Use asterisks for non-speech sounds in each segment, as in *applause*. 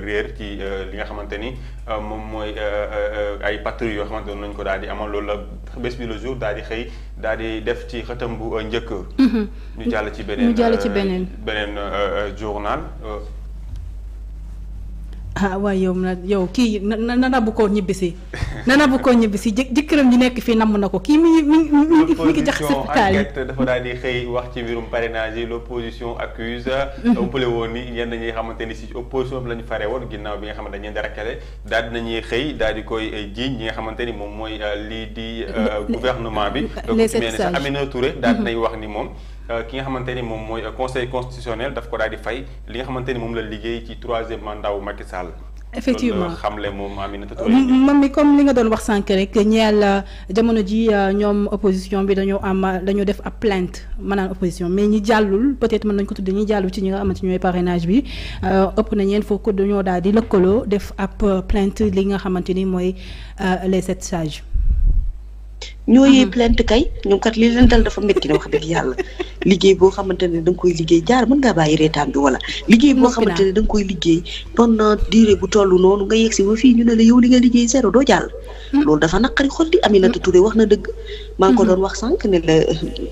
réer ci euh, li nga xamante ni euh, moom mooy euh, ay patrouille yoo xamante noonu lañ ko daal di amal loolu la bés bi le jour daal di xëy daal di def ci xëtam bu njëkk. Mhm. ñu jàll ci beneen ñu jàll ci beneen beneen journal. *laughs* ah waaye yow nag yow kii na na nabu koo ñibbi si *laughs* na nabu koo ñibbi si jë jëkkëram ji nekk fii nam na ko kii mi ngi mi ngi jax sëpitaal yi dafa daal di xëy wax ci mbirum parrainage yi l' opposition accuse *laughs* ëppale woon ni ñenn ñi xamante ni si opposition lañu la ñu fare woon ginnaaw bi nga xamante dañuy darakale daal di nañuy xëy daal di koy eh, jiiñ ñi nga xamante ni moom mooy eh, lii di eh, gouvernement bi donc mel ni sax Aminata Touré daal di mm-hmm. nay wax ni moom Euh, ki nga xamante ni moom mooy conseil constitutionnel daf ko daal di fay li nga xamante moom la liggéey ci troisième mandat wu Macky Sall. effectivement xamle moom mi comme li nga doon wax sànq rek ñeel euh, jamono ji euh, ñoom opposition bi dañoo am dañoo def ab plainte maanaam opposition mais ñi jàllul peut-être mën nañ ko tuddee ñi jàllul ci ñi nga xamante ñooy parrainage bi ëpp na ñeen foofu dañoo daal di lëkkaloo def ab plainte li nga xamante ni mooy les sept sages. ñoo yee mhm. plainte kay ñoom kat li leen dal dafa métti na wax dëgg yàlla liggéey boo xamante ne da koy liggéey jaar mën ngaa bàyyi reetaan bi wala liggéey boo xamante ne liggéey pendant durée bu toll noonu nga yegg si ba fii ñu ne la yow li nga liggéey zéro doo jàll mhm. loolu dafa naqari xol di Aminata mhm. Touré wax na dëgg maa ngi ko doon wax sànq ne la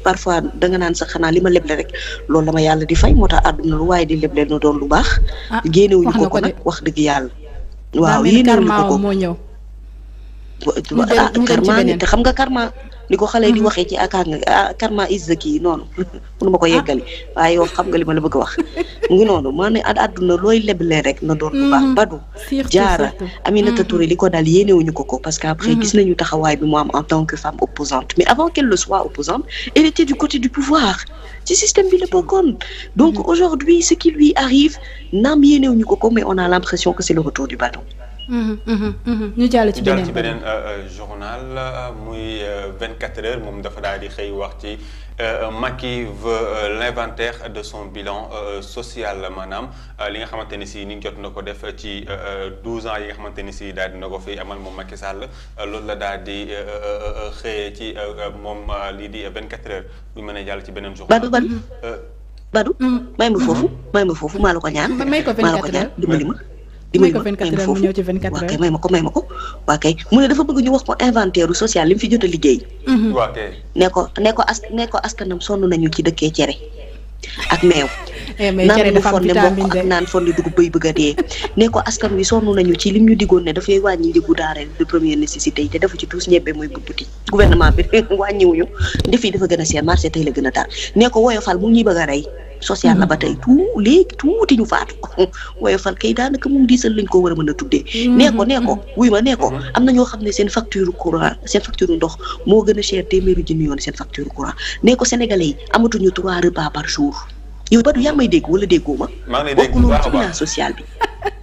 parfois danga naan sax xanaa li ma leble rek loolu dama yàlla di fay moo tax àdduna lu waaye di leble na doon lu baax génnewuñu ah, ko ko nag wax dëgg yàlla waaw yéenewuñu ko ko moo ñëw karma nit xam nga karma ni ko xale di mm-hmm. waxee ci akaa nga ah, karma is the key noonu *laughs* mënu ma ko ah. yeggali waaye yow xam nga li ma la bëgg a wax mu *laughs* ngi noonu maa ne àdduna looy leble rek na doon bu baax mm-hmm. badu jaara Aminata li ko daal yéenewuñu ko ko parce que après mm-hmm. gis nañu taxawaay bi mu am en tant que femme opposante mais avant qu'elle le soit opposante elle était du côté du pouvoir ci système bi la bokkoon donc aujourd'hui ce qui lui arrive naam yéenewuñu ko ko mais on a l'impression que c'est le retour du bâton Mhm, mhm, mhm. ñu jàll ci beneen ci beneen euh, euh, journal euh, muy 24 heures moom dafa daal di xëy wax ci Macky veut l'inventaire de son bilan social maanaam li nga xamante ni si ni jot na ko def ci 12 ans yi nga xamante ni si daal di na ko fi amal moom makki sàll loolu la daal di xëyee ci moom lii di 24 heures bu mën a jàll ci beneen journal. Badou Badou. may ma foofu may ma foofu maa la ko ñaan. may ko 24 heures maa la ko ma. di may ma indi foofu waaw kay may ma ko may ma ko mu ne dafa bëgg ñu wax ko inventaire social li fi jot a liggéey. Mhm. waaw kay ne ko ne ko as ne sonn nañu ci dëkkee cere ak meew. *laughs* Eh, mais cere dafa am vitamine de naan fonde dugub bay bëgg dee. ne ko askan wi sonn nañu ci lim ñu diggoon ne dafay wàññi njëgu daara de première nécessité yi te defu ci tous ñebe mooy butbuti gouvernement bi *laughs* wàññiwuñu ndef yi dafa gën a seer marché tey la gën a taal ne ko woyofal mu ñuy bëgg rey social la ba tey mm-hmm. tout léegi tuuti ñu faatu *laughs* woyofal kay daanaka moom diisal lañ ko war a mën a tuddee mm-hmm. nee ko nee ko wuy ma nee mm-hmm. am na ñoo xam ne seen facture courant seen facture ndox moo gën a cher téeméeri junni yoon seen facture courant nee ko sénégalais yi amatuñu trois repas par jour yow Badou yaa may dégg wala déggoo ma bokkuloo ci plan bi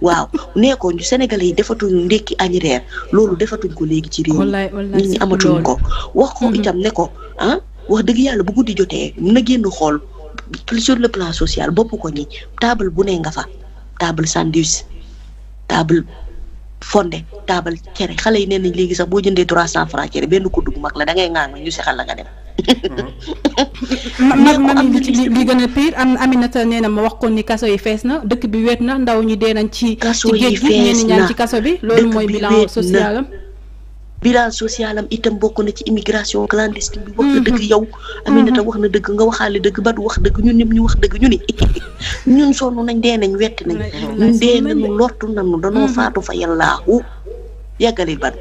waaw nee ko sénégalais yi defatuñu ndekki añ reer loolu defatuñ ko léegi ci réew nit ñi amatuñ ko wax ko itam ne ko ah wax dëgg yàlla bu guddi jotee na génn xool sur le plan social boppu ko ñi table bu ne nga fa table sandwich table fonde table cere xale yi nee léegi sax boo jëndee trois cent franc cere benn kuddu bu mag la da ngay ñu si la nga dem. mag mami li gën a pire am Aminata nee na ma wax ko ni kaso yi fees na dëkk bi weet na ndaw ñi dee nañ ci. kaso yi fees na ci géej bi loolu mooy bilan social bilan social am itam bokk na ci immigration clandestine bi wax na mhm. dëgg yow Aminata mhm. wax na dëgg nga waxaale dëgg bat wax dëgg ñun ñëpp ñu wax dëgg ñu ni ñun sonn nañ dee nañ wetti nañ ñun dee na lottu nañu mhm. faatu fa yàllaahu yàggalil bat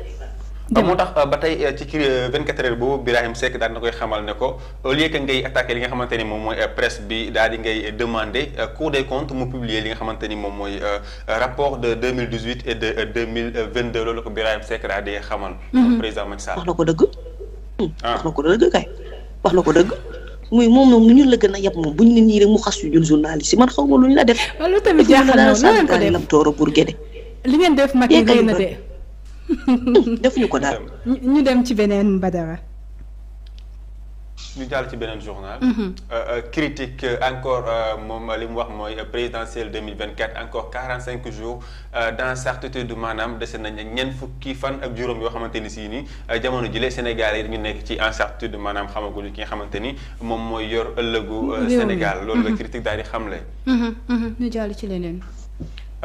moo tax euh, ba tey euh, ci kii 24 euh, heures bu Birahim Seck daal na koy xamal ne ko au lieu que ngay attaqué li nga xamante ni moom mooy presse bi daal di ngay demandé Cour des comptes mu publier li nga xamante ni moom mooy rapport de 2018 et de 2022 loolu ko Birahim Seck daal di xamal. Mhm. président Macky Sall wax na ko dëgg. Hmm. Ah. wax na ko dëgg kay wax na ko dëgg. la gën mu xas yu ñun journaliste man xaw ma luñ la def. loolu tamit jaaxal na woon lan ko def li ngeen def Macky *laughs* defuñu ko daal ñu dem ci beneen Badara. ñu jàll ci beneen journal. Mhm. Euh, euh, critique encore euh, moom li mu wax mooy présidentielle 2024 encore 45 jours d'incertitude maanaam dese nañ ñeent fukki fan ak juróom yoo xamante ni si ni jamono jile Sénégal yi dañu nekk ci incertitude maanaam xamaguñu ki nga xamante ni moom mooy yor ëllëgu. Sénégal loolu la mhm. critique daal di xamle. Mhm, ñu jàll ci leneen.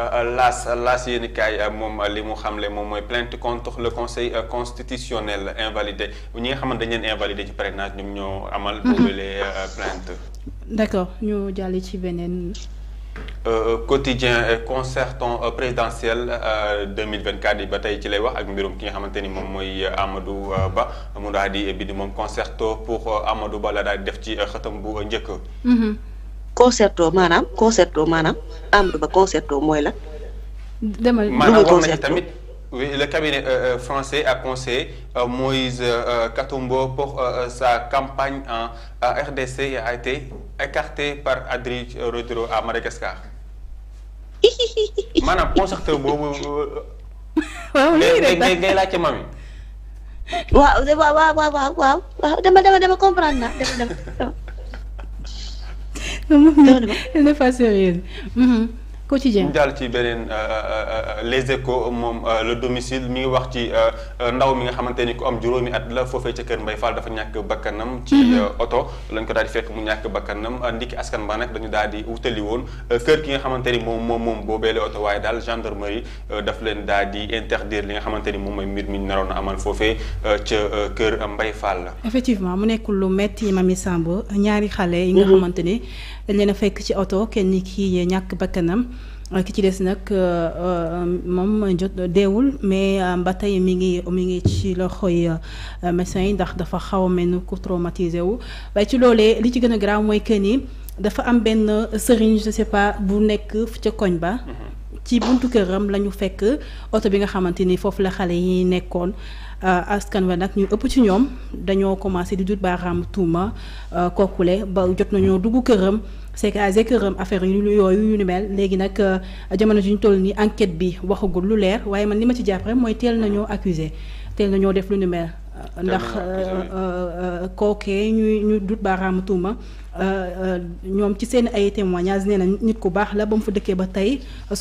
Euh, euh, laas laas yéenikaay euh, moom li mu xamle moom mooy plainte contre le conseil constitutionnel invalidé ñi nga xamante dañ leen invalidé ci parrainage ñoom ñoo amal mhm. boobulee plainte d'accord ñu jàll ci beneen quotidien concerton présidentiel 2024 yi ba tey ci lay wax ak mbirum ki nga xamante ni moom mooy Amadou Ba mu daal di bind moom concerto pour Amadou Ba la daal di def ci xëtam bu njëkk mhm. concerto maanaam concerto maanaam Amadou Ba concerto mooy la. demal lu concerto tamit. Oui, euh, euh, a conseillé euh, Moïse euh, euh Katumbo pour sa campagne en a été *laughs* maanaam concerto boobu. *laughs* waaw waaw waaw waaw waaw waaw comprendre naa *laughs* elle n'est pas sérieuse mm-hmm. quotidien ñu ci beneen euh, euh, euh, les échos moom le domicile mi ngi wax ci ndaw mi nga xamante ni ku am juróomi at la foofee ca kër Mbay Fall dafa ñàkk bakkanam ci mm-hmm. oto lañ ko daal di fekk mu ñàkk bakkanam ndiki askan ba nag dañu daal di wutali woon kër ki nga xamante ni moom moom moom boobeele oto waaye daal gendarmerie daf leen daal di interdire li nga xamante ni moom mooy mbir mi naroon a foofee ca kër Mbay Fall la effectivement mu nekkul lu metti Mamy Samb ñaari xale yi nga mm-hmm. xamante ni dañ leen fekk ci oto kenn kii ñàkk bakkanam ki ci des nag euh, euh, moom jot deewul mais euh, ba tey mi ngi mi ngi ci loxoy médecin yi ndax dafa xaw a mel ni ku traumatisé wu waaye ci loolee li ci gën a mooy que nii dafa am benn sëriñ je sepa bu nekk ca koñ ba. Mm-hmm. ci buntu këram la ñu fekk oto bi nga xamante ni foofu la xale yi nekkoon askan wa nag ñu ëpp ci ñoom dañoo commencé di dut baaraam tuuma kookule ba jot nañoo dugg këram. c'est que këram affaire yu yooyu yu ni mel léegi nag euh, jamono ji ñu toll nii enquête bi waxagul lu leer waaye man li ma ci jàpp rek mooy teel nañoo accusé teel nañoo def lu ni mel. ndax euh, euh, euh, kookee ñuy ñu dut baaraamu tuuma ñoom ci seen ay témoignages nee na nit ku baax la ba mu fa dëkkee ba tey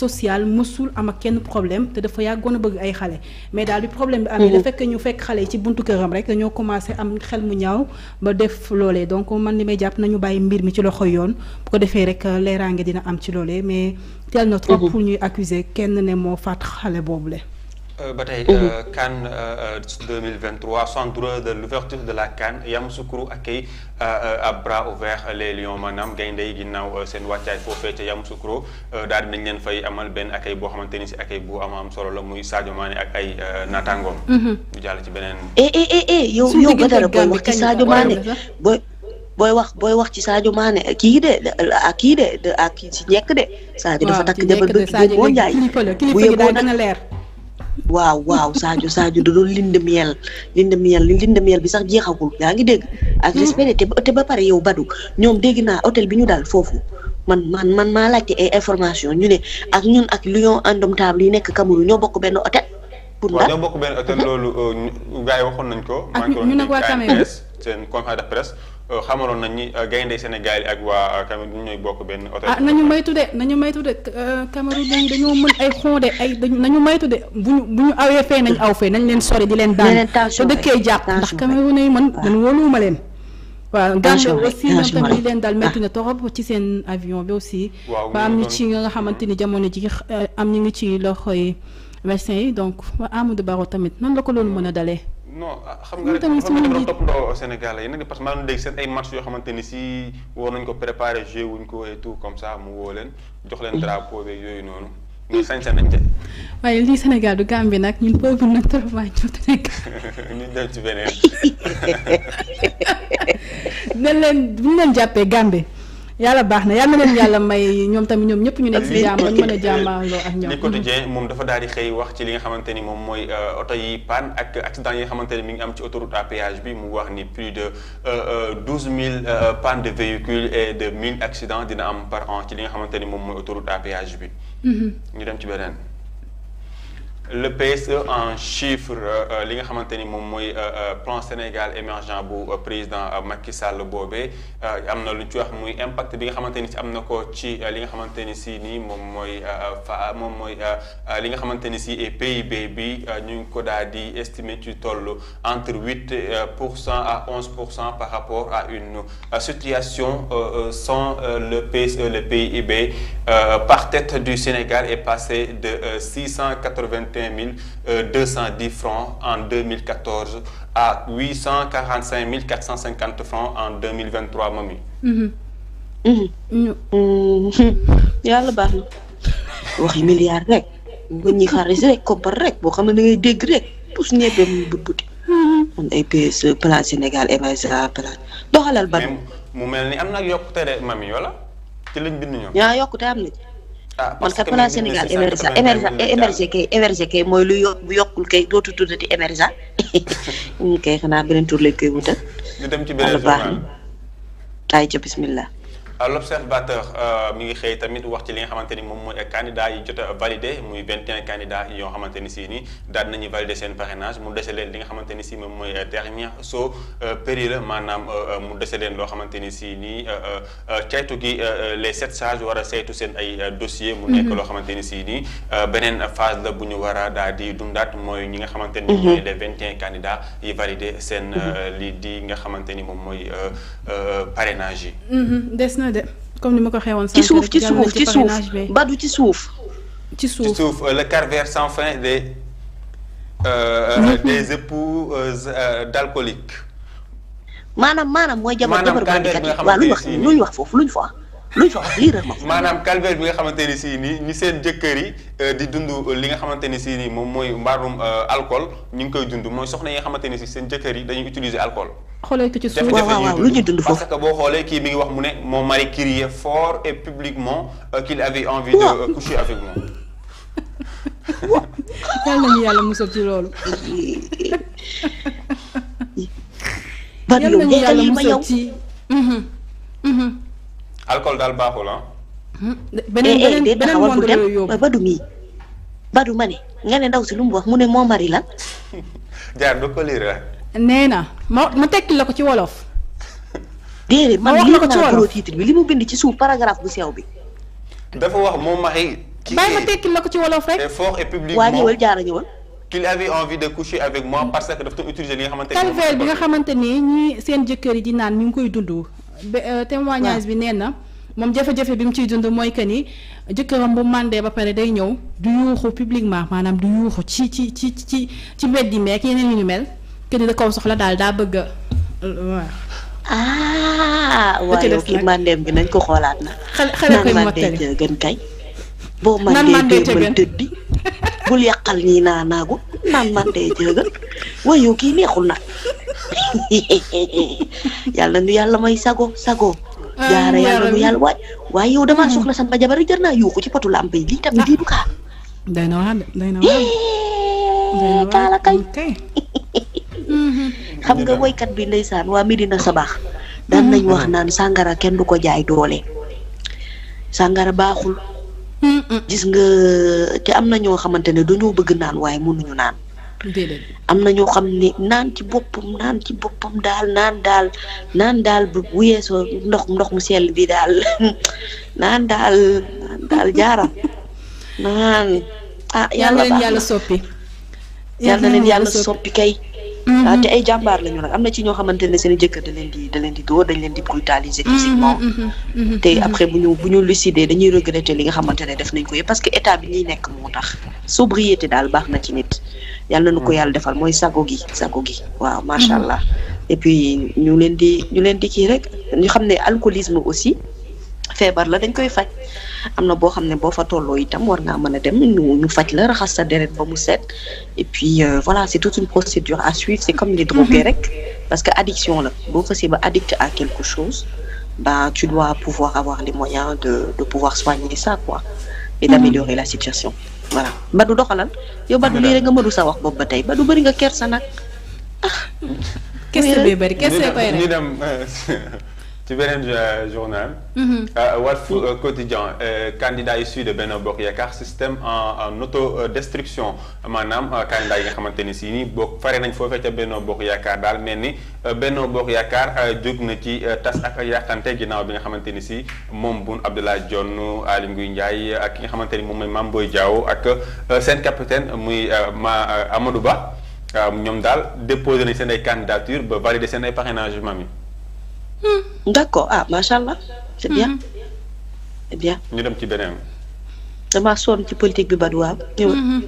social mësul am ak kenn problème te dafa yàggoon a bëgg ay xale mais daal bi problème bi amee. da mhm. fekk ñu fekk xale yi ci buntu këram rek dañoo commencé am xel mu ñaaw ba def loolee donc man li may jàpp nañu bàyyi mbir mi ci loxo yoon bu ko defee rek leeraange dina am ci loolee mais. teel na trop mhm. pour ñuy accuser kenn ne moo faat xale boobule. Euh, ba tey CAN 2023 centre de l'ouverture de la CAN Yamoussoukro accueille euh, euh, à bras ouverts les Lions maanaam gaynde yi ginnaaw seen wàccaay foofee ca Yamoussoukro daal di nañ leen fay amal benn accueil boo xamante ni si bo bu am am solo la muy Sadio Mané ak ay naataangoom. ñu jàll ci beneen. Eh, eh, eh, yow yow Badara booy wax ci Sadio Mané booy booy wax ci Sadio kii de ak kii de ak kii si njëkk de. Sadio dafa takk jabar bëgg boo njaay bu yeboo nag waaw waaw Sadio Sadio da doon linde miel linde miel linde miel bi sax jeexagul yaa ngi dégg. ak hmm. respecté te ba pare yow Badou ñoom dégg naa hôtel bi ñu daal foofu man man man maa laajte ay information ñu ne ak ñun ak Lion indomptable yi nekk Cameroun ñoo bokk benn hôtel. pour ndax waaw ñoo bokk benn hôtel loolu euh, gars yi waxoon nañ ko. Ah, ak ñu nag ko seen conférence de presse. Euh, xamaloon nañ ni euh, gaynde yi ak waa euh, Cameroun ñooy bokk benn oto. ah nañu maytu de nañu maytu de Cameroun yi dañoo mën ay xonde ay nañu maytu de bu ñu bu ñu awee fee nañ aw fee nañ leen sori di leen daan te dëkkee jàpp ndax Cameroun yi man man wóoluwuma leen. waaw Gambie aussi ñoom tamit li leen daal ah. métti na torop ci seen avion bi aussi. ba am ñu ci nga xamante ni jamono ji am ñu ngi ci loxoy médecin yi donc Amadou Baro tamit nan la ko loolu mën a dalee. non ah, xam nga rek xam nga doon toppandoo Sénégal yi nag parce que maa ngi dégg seen ay match yoo xamante ni si war nañ ko préparer joué wuñ ko et tout comme ça mu woo leen jox leen drapeau beeg yooyu noonu ñu sañse nañ ca. waaye lii Sénégal du Gambie nag ñun pauvre nag trop waaye ñoo nekk. *laughs* ñu dem ci beneen. *laughs* na leen bu leen jàppee Gambie. yàlla baax na yàlla na leen yàlla may ñoom tamit ñoom ñëpp ñu nekk si jàmm ñu a jàmmaarloo ak ñoom moom dafa daal di xëy wax ci li nga xamante ni moom mooy euh, oto yi panne ak accident yi nga xamante ni mi ngi am ci autoroute à bi mu wax ni plus de euh, euh, douze mille panne de véhicules et de mille accident dina am par an ci li nga xamante ni moom mooy autoroute à bi mm-hmm. ñu dem ci beneen le PSE en chiffre euh, li nga xamante ni moom mooy euh, euh, plan Sénégal émergent bu président Macky Sall boobee am na lu ci wax muy impact bi nga xamante ni am na ko ci li nga xamante ni si nii moom mooy fa moom mooy li nga xamante ni si PIB bi ñu ngi ko daal di estimer ci entre huit pour cent à onze pour cent par rapport à une situation sans le PSE le PIB par tête du Sénégal est passé de vingt mille euh, deux cent dix francs en deux mille quatorze à huit cent quarante cinq mille quatre cent cinquante francs en deux mille vingt trois Mamy. Mm-hmm. Mm-hmm. yàlla baax na waxi milliard rek nga ne da dégg rek pousse ñebe muy but buti yaa yokkute am na ci. ah parce que man Sénégal émergent émergent kay émergent mooy lu yokk yokkul kay dootu tuddati émergent ñu ah. *laughs* kay xanaa beneen tur lañ koy wutal. ñu dem ci beneen journal bismillah Euh, l' observateur euh, mi ngi xëy tamit wax ci li nga xamante ni moom mooy candidat yi jot a validé muy 21 candidats yoo xamante ni si nii daal nañu validé seen parrainage mu dese leen li nga xamante ni si moom mooy euh, dernier saut péril maanaam mu dese leen loo xamante ni si nii caytu gi les sept sages war a saytu seen ay dossier mhm. loo xamante ni si nii beneen phase la bu ñu war a daal di dundaat mooy ñi nga xamante ni mooy mhm. les 21 candidats yi validé seen mhm. lii di nga xamante ni moom mooy parrainage yi na de comme ni ma ko xewoon. ci suuf ci suuf ci suuf Badou ci suuf. ci suuf ci suuf le calvaire sans fin des. Euh, euh mhm. des époux euh, euh maanaam maanaam mooy jabar jabar bàndikat yi waaw lu ñu wax ñu wax foofu lu ñu fa luy soxla lii rek maanaam calvaire bi nga xamante ni si nii ñi seen jëkkër yi euh, di dund euh, li nga xamante ni si nii moom mooy mbaarum euh, alcool ñu ngi koy dund mooy soxna yi nga xamante ni si seen jëkkër yi dañuy utiliser alcool. xoolee ko ci lu ñu dund foofu parce boo xoolee kii mi ngi wax mu ne mon mari criait fort et publiquement qu'il avait envie de coucher avec moi. *laughs* yal nañu yàlla musal ci loolu. yal nañu yàlla musal ci. Mhm. alcool daal baaxul ah. Hmm. beneen eh, eh, beneen beneen monde la yooyu yóbbu Badou mii Badou ma ne nga ne ndaw si lu mu wax mu ne moo mari lan. *laughs* jaar du ko lire. nee na ma ma tekki la ko ci wolof. déedéet man li mu bind ci suuf paragraphe bu sew bi. dafa wax moom mari. kii bàyyi ma tekki la ko ci wolof rek. c'est fort et publiquement waa ñëwal jaara ñëwal. qu'il avait envie de coucher avec moi parce que dafa doon utiliser li nga xamante ni. bi nga xamante ni seen jëkkër yi di naan ñu ngi koy dund. Euh, témoignage bi nee na moom jafe-jafe bi mu ciy dund mooy que ni jëkkëram bu màndee ba pare day ñëw du yuuxu publiquement maanaam du yuuxu ci ci ci ci ci mbedd yi meek yeneen ñu mel que ni da soxla daal daa bëgga a waaw. ah waaye kii ko xoolaat na. xale *laughs* boo mandee tey mën tëddi *laughs* bul yàqal waaye kii neexul nag. *laughs* yàlla nu yàlla may sago sago. jaara ah, yàlla nu yàlla waay waaye yow damaa hmm. soxla sama jabar rek jar naa yuuxu ci potu làmp yi lii tamit lii du kaa. xam *laughs* hmm. nga woykat bi saan waa Medina sabaax daan hmm. nañ wax naan sàngara kenn du ko jaay doole sàngara baaxul. gis nga te am na ñoo xamante ne dañoo bëgg naan waaye mënuñu naan. am na ñoo xam ne naan ci boppam naan ci boppam daal naan daal naan daal bu yeesoo ndox ndox mu sell bi daal *laughs* naan daal naan daal jaaram naan ah yàlla baax yàlla soppi yàlla leen yàlla soppi kay mm-hmm. ah, te ay jàmbaar am na ci ñoo xamante ne seen jëkkër da leen di da leen di dóor dañ leen di brutaliser mm-hmm, physiquement mm-hmm, te après bu ñu bu dañuy regretter li nga xamante ne def nañ ko yëpp parce que état bi ñuy nekk moo tax sobriété daal baax na ci nit yal na ko mm. yàlla defal mooy sago gi sago gi waaw macha mm-hmm. allah. et puis ñu leen di ñu leen di kii rek ñu xam ne alcoolisme aussi feebar la dañ koy faj am na boo xam ne boo fa tolloo itam war ngaa mën a dem ñu ñu faj la raxas sa deret ba mu set et puis euh, voilà c'est toute une procédure à suivre c'est comme les mm-hmm. drogués rek parce que addiction la boo fasee ba addict à quelque chose bah tu dois pouvoir avoir les moyens de de pouvoir soigner ça quoi et mm-hmm. d'améliorer la situation ba du doxalal yow Badou lii rek nga mënu sa wax boobu ba tey Badou bëri nga kersa nag ah. kersa bee bëri kersa koy rek ñu dem. ci beneen euh, journal. Mhm. Euh, Walf euh, Quotidien candidat issu de Benno Bokk Yaakaar système en autodestruction maanaam candidat yi nga xamante ni si nii bokk fare nañ foofee ca Benno Bokk Yaakaar daal mel ni Benno Bokk Yaakaar jóg na ci tas ak yàqante ginnaaw bi nga xamante ni si moom Boun Abdallah Dionne Aly Ngouille Ndiaye ak ki nga xamante ni moom mooy Mame Boye Diao ak seen capitaine muy ma Amadou Ba ñoom daal déposé nañ seen ay candidature ba validé seen ay parrainage yu Hmm, d' accord ah macha allah. c' est hmm. eh bien ñu dem ci beneen. damaa sonn ci politique bi ban waaw hmm,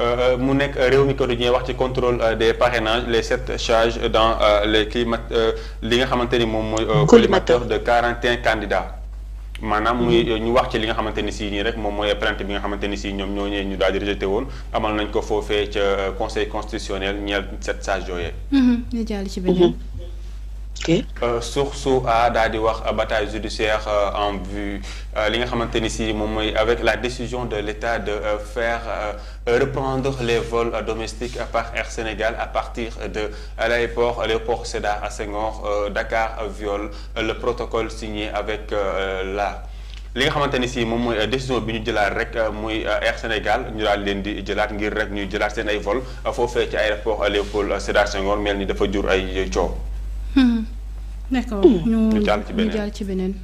euh, euh, mu nekk euh, réew mi quotidien wax ci contrôle des parrainages les sept charges dans les climat li nga xamante ni moom mooy collimateur de quarante et un candidats maanaam muy ñu wax ci li nga xamante ni si nii rek moom mooy plainte bi nga xamante ni si ñoom ñoo ñëwee ñu daal di rejeté woon amal nañ ko foofee ca conseil constitutionnel ñeel sept charges yooyee ok euh, source a daal di wax bataille judiciaire euh, en vue euh, li nga xamante ni si moom mooy avec la décision de l'État de faire reprendre les vols domestiques par Air Sénégal à partir de l'aéroport Léopold Sédar Senghor Dakar viole le protocole signé avec la li nga xamante ni si moom mooy décision bi ñu jëlaat rek muy Air Sénégal ñu daal leen di jëlaat ngir rek ñuy jëlaat seen ay vol foofee ci aéroport Léopold Sédar Senghor mel ni dafa jur ay coow. Hmm. d'accord mmh. ñu jàll ci beneen ñu jàll ci beneen.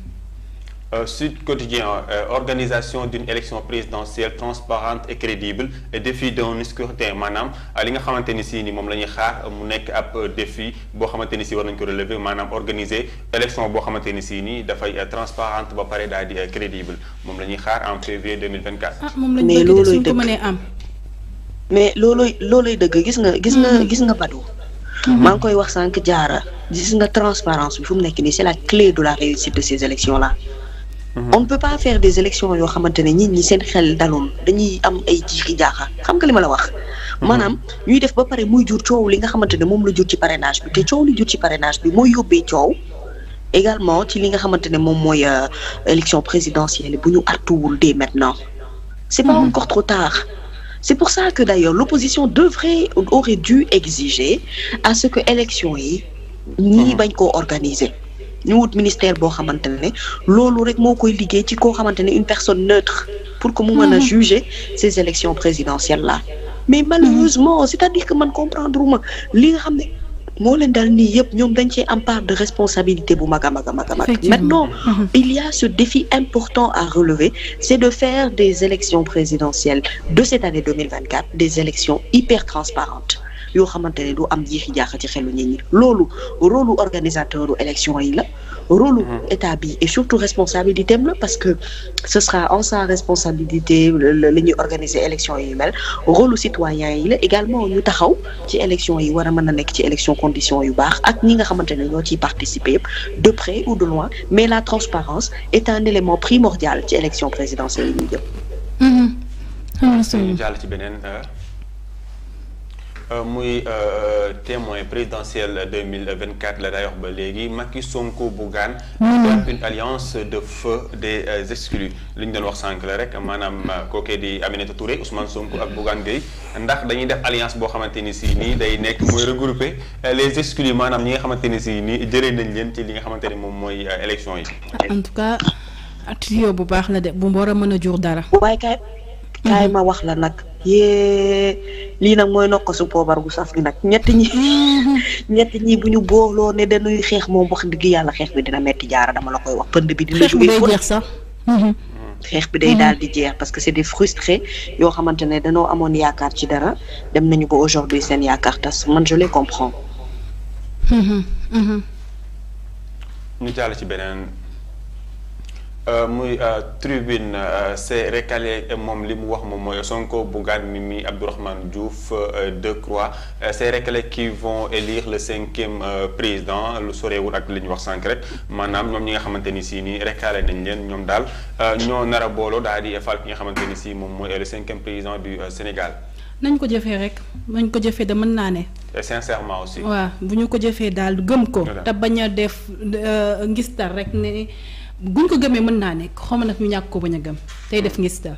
Euh, Sud Quotidien euh, organisation d'une élection présidentielle transparente et crédible défi d'un scrutin maanaam euh, li nga xamante ni si ni moom la ñuy xaar mu nekk ab défi boo xamante ni si war nañ ko relever maanaam organiser élection boo xamante ni si ni dafay transparente ba pare daal di crédible moom la ñuy xaar en février 2024. ah moom la ñu bëgg suñ ko mënee am. mais loolooy loolooy dëgg gis nga gis nga hmm. gis nga Badou. Mhm. maa ngi koy wax sànq jaara gis nga transparence bi fu mu nekk nii c'est la clé de la réussite de ces élections là mhm. on ne peut pas faire des élections yoo xamante ne nit ñi seen xel daloon dañuy am ay jiixi jaaxa xam nga li ma la wax mhm. maanaam ñuy def ba pare muy jur coow li nga xamante ne moom la jur ci parrainage bi te coow li jur ci parrainage bi mooy yóbbee coow également ci li nga xamante ne moom mooy euh, élection présidentielle bu ñu artuwul dès maintenant c'est c'est pour ça que d'ailleurs l'opposition devrait aurait dû exiger à ce que élection yi ñii mhm. bañ koo organiser ñu wut ministère boo xamante ne loolu rek moo koy liggéey ci koo xamante ne une personne neutre pour que mu mën a mhm. juger ces élections présidentielles là mais malheureusement mhm. c'est-à-dire que man comprendre uma li nga xam ne moo leen dal nii yëpp ñoom dañ ci am part de responsabilité bu mag a mag a mag a mag maintenant mm -hmm. il y a ce défi important à relever c'est de faire des élections présidentielles de des élections hyper transparentes yoo xamante ne du am jiixi jaaxa ci xelu nit ñi loolu rôle organisateur élection yi la rôle mhm. état et surtout responsabilité am la parce que ce sera en sa responsabilité la ñuy organiser élection yi mel rôle citoyen yi la également ñu taxaw ci élection yi war a mën a nekk ci élection condition yu baax ak ñi nga xamante ne ñoo ciy participer yëpp de près ou de loin mais la transparence est un élément primordial ci élection présidentielle yi ñu jëm. Mhm. Ah, ñu Euh, muy euh, témoin présidentiel 2024 la day wax ba léegi Macky Sonko Bougane mmh. doon une alliance de feu des euh, exclus li ñu doon wax sànq la rek maanaam kookee di Aminata Touré Ousmane Sonko ak Bougane Gueye ndax dañuy def alliance boo xamante ni si nii day nekk mooy regrouper les exclus maanaam li nga xamante ni si nii jëre nañ leen ci li nga xamante ni moom mooy élection yi en tout trio bu baax la de bu war a mën a jur dara waaye kaay kaay mmh. wax la nag yee li nag mooy nokkasu poobar gu saf gi nag ñett ñi *laughs* ñett ñi bu ñu booloo ne dañuy xeex moom wax dëgg yàlla xeex bi dana metti jaara dama la koy wax pënd bi dina jógee sax mhm. xeex bi day mhm. daal di jeex parce que c'est des frustrés yoo xamante ne dañoo amoon yaakaar ci dara dem nañu ba aujourd'hui seen yaakaar tas man je les comprends mhm. ñu ci beneen Euh, muy euh, tribune euh, c'est récalé moom li mu wax moom mooy Sonko Bougane Mimi Abdourahmane Diouf Decroix c'est récalé qui von élire le cinquième président lu sorewul ak li ñu wax sànq rek maanaam ñoom ñi nga xamante ni si nii récalé nañ leen ñoom daal ñoo nar a booloo daal di fal ki nga xamante ni si moom mooy le cinquième président du Sénégal. nañ ko jëfee rek nañ ko jëfee da mën naa ne. et sincèrement aussi. bu ñu ko jëfee daal gëm ko. te bañ a def ngistal rek ne. buñ ko gëmee mën naa ne xaw ma nag ñu ñàkk ko bañ a gëm tey def ngistal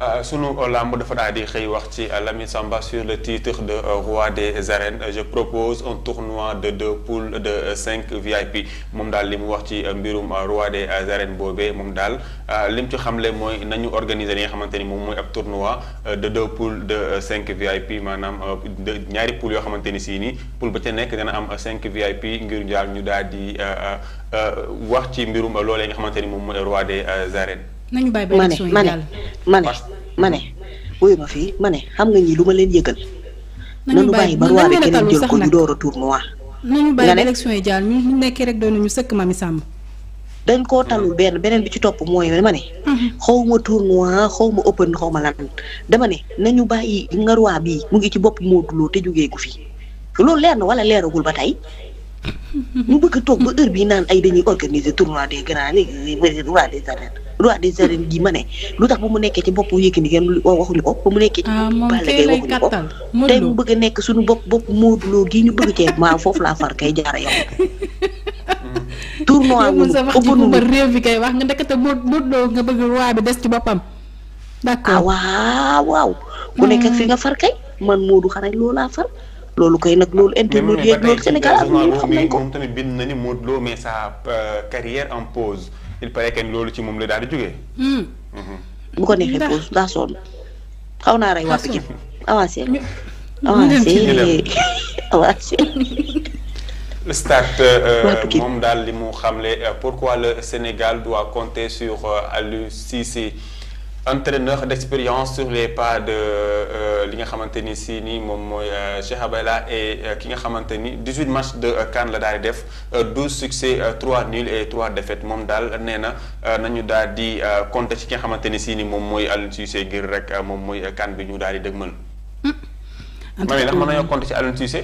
Euh, sunu làmb dafa daal di xëy wax ci Lamine Samba sur le titre de euh, roi des arènes je propose un tournoi de deux poules de euh, cinq VIP moom daal li mu wax ci mbirum roi des arènes boobee moom daal li mu ci xamle mooy nañu organiser li nga xamante ni moom mooy ab tournoi de deux poules de cinq VIP maanaam ñaari poules yoo xamante ni sii nii poule ba ca nekk dana am cinq VIP ngir njaal ñu daal di wax ci mbirum loolee nga xamante ni moom mooy roi des arènes. nañu bàyyi ba élection yi jàll ma ne ma ne wuyu fii ma ne xam nga ñi lu ma leen yëgal. nañu bàyyi ba ruwaale keneen jël ko ñu door a tournoi. nañu bàyyi yi jàll ñu nekkee rek doon nañu sëkk Mamy Samb. dañ koo talul benn beneen bi ci topp mooy dama ne. Mhm. xaw ma tournoi xaw ma open xaw ma lan dama ne nañu bàyyi ngaruwaa bii mu ngi ci bopp Modou Lo te jógee gu fi loolu leer na wala leeragul ba tey. ñu *laughs* bëgg a toog ba heure bii naan ay dañuy organiser tournoi des grands des des des roi des arènes gi ma ne lu tax ba mu nekkee ci bopp Yékini kenn waxuñu ko ba mu nekkee ci ah, bopp Balla Gaye waxuñu ko tey mu bëgg nekk suñu bopp bopp Modou Lo gi ñu bëgg cee laa far kay jaara yow *laughs* tournoi wu ñu wax nga ndekete Modou bëgg roi bi des ci boppam d'accord ah, waaw waaw ku nekk fi nga far kay man Modou xanaa loolaa far loolu koy nag loolu internet yeeg loolu Sénégal ak ñun xam nañ ko moom tamit il paraît que loolu ci moom la daal di jógee. Hmm. bu ko neexee pause xaw naa rey waa Pikine avancé avancé avancé. start euh, euh, moom daal li mu xamle euh, pourquoi le Sénégal doit compter sur Aliou Cissé. entraîneur d'expérience sur les pas de euh, li nga xamante ni si ni moom mooy euh, Cheikh Abayla et euh, ki nga xamante ni 18 matchs de CAN la daal di def 12 succès 3 nuls et 3 défaites moom daal nee na nañu daal di compter ci ki nga xamante ni si ni moom mooy Aliou Cissé ngir rek moom mooy CAN bi ñu daal di dëgmal. Hmm. mami ndax mën nañoo compter ci Aliou Cissé.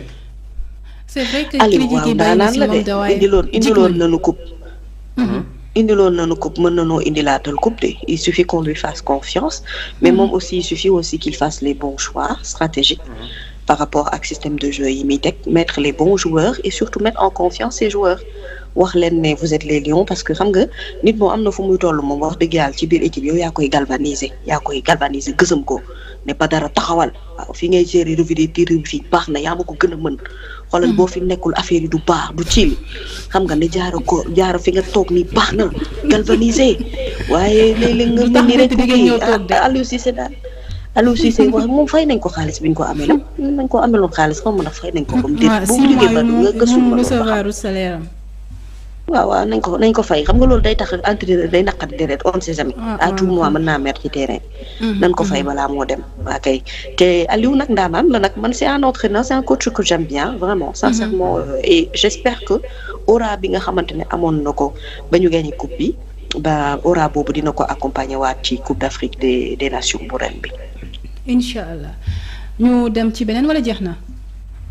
c'est vrai que. Aliou waaw daanaan la de indiloon indiloon nañu coupe. indiloon nañu coupe mën nañoo indilaatal coupe de il suffit qu'on lui fasse confiance mais mhm. moom aussi il suffit aussi qu'il fasse les bons choix stratégiques mhm. par rapport ak système de jeu yi muy teg mettre les bons joueurs et surtout mettre en confiance ses joueurs wax leen ne vous parce que xam nga nit moom am na fu muy toll moom wax dëgg yàlla ci biir équipe yow yaa koy galvaniser yaa koy galvaniser gësam ko ne ba dara taxawal waaw fi ngay gérer revue de bi fii baax na yaa ma ko gën a hmm. boo fi nekkul affaire yi du baax du ciil xam nga ne jaaro ko jaara fi nga toog ni baax na galvaniser waaye léeg-léeg nga mel ni rek ah, Aliou Cissé daal Aliou Cissé *laughs* wax moom fay nañ ko xaalis bi ñu ko amee la nañ ko ameloon xaalis xaw ma nag fay nañ ko comme *laughs* ah, ba nga waaw waaw nañ ko nañ ko fay xam nga loolu day tax entraîneur day naqari deret a sait jamais. Ah, à ah, tout moment mën naa mettre ci mm-hmm, ko mm-hmm. fay balaa moo dem. waa kay te Aliou nag ndaanaan la nag man c'est un entraîneur c'est un coach que j'aime bien vraiment sincèrement mm-hmm. et j'espère que aura bi nga xamante ne amoon na ko ba ñu gagné coupe ba aura dina ko accompagner waat ci coupe d'Afrique des des nations bu ñu dem ci beneen wala jeex na.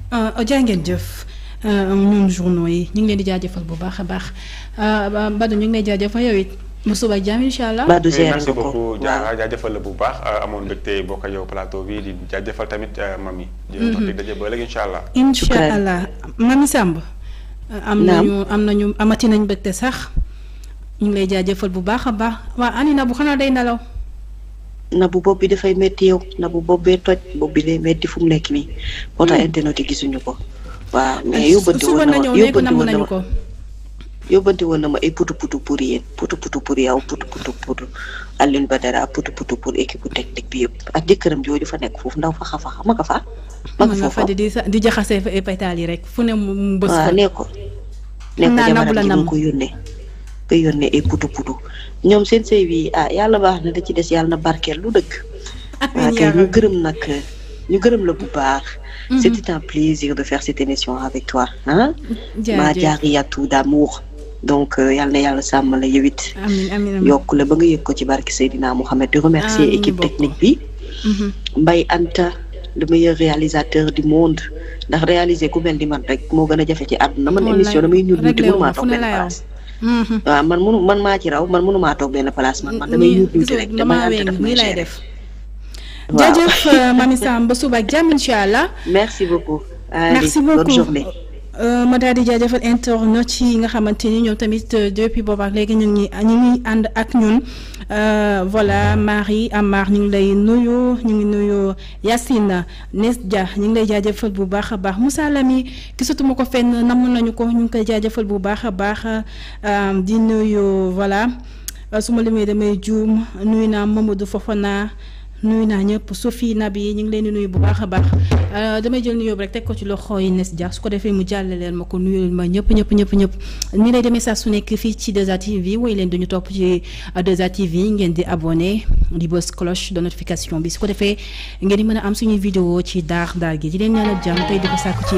Ah, jaa ngeen jëf. Euh, ñun journaux yi ñu ngi leen di jëfal bu baax a baax euh, euh, Badou ñu ngi lay jaajëfal yow it mu suba jàmm incha allah. Badou eh, merci beaucoup bu baax amoon mbégte bokk yow plateau bi tamit mami. di leen wax di mhm. daje ba léegi incha allah. incha allah am nañu am nañu amati nañ mbégte sax. ñu ngi lay jëfal bu baax a baax waa ani na bu xanaa day nelaw. na bu bopp bi dafay métti yow na bu bopp bee toj bopp bi day métti fu nekk nii. moo tax hmm. internet yi gisuñu ko. waaw mais yóbbanti woon na ma yóbbanti woon na ma yóbbanti woon na ma ay putu putu pour yéen putu putu pour yow putu putu pour Alioune Badara putu putu pour équipe technique bi yëpp ak jëkkëram jooju fa nekk foofu ndaw fa xa faxa ma nga fa. ma nga fa di di jaxasee fa pétale yi rek fu ne mu bës. waaw nee ko nee ko jamono ji mu ko yónnee. nga yónnee ay putu putu ñoom seen sëy bi ah yàlla baax na da ci des yàlla na barkeel lu dëgg. ak ñu gërëm nag ñu gërëm la bu baax. Mm -hmm. C'était un plaisir de faire cette émission avec toi. Hein? Yeah, maa yeah. jaariyaatu d'amour. donc euh, yal na yàlla sàmm la yow it. la ba nga yëg ko ci barke Seydina Mohamed. di remercier ah, équipe technique bi. Mmh. Mbaye Anta le meilleur réalisateur du monde ndax réaliser ku mel ni man rek moo gën a jafe ci àdduna man émission damay ñuul ñuul te mënumaa toog benn place. Mmh. man munu man maa ci raw man man man damay ñuul ñuul rek damay Anta daf may waaw jaajëf euh, Mamy Samb ba suba ak jàmm incha allah. merci beaucoup. Allez, merci beaucoup bonne journée. Euh, ma daal di jaajëfal internet yi nga xamante ni ñoom tamit euh, depuis boobu léegi ñu ngi ñu ngi ànd ak ñun voilà Marie Amar ñu ngi lay nuyu ñu ngi nuyu Yacine Nes Dia ñu ngi lay jaajëfal bu baax a baax Moussa Lamy gisatuma ko fenn namm nañu ko ñu ngi koy jaajëfal bu baax a baax di nuyu voilà su ma limee damay juum nuyu naa Mamadou Fofana. nuyu naa ñëpp Sophie Nabi ñu ngi leen di nuyu bu baax a baax euh, damay jël nuyoo rek teg ko ci loxo Inès Dia su ko defee mu leen ma ko nuyul ma ñëpp ñëpp ñëpp ñëpp ni lay demee su nekk fii ci 2A TV woy leen dañu topp ci euh, 2A TV ngeen di abonné di bës cloche de notification bi su ko defee ngeen di mën a am suñuy vidéo ci daar daar gi di leen ñaanal jàmm tey di ko sàkku ci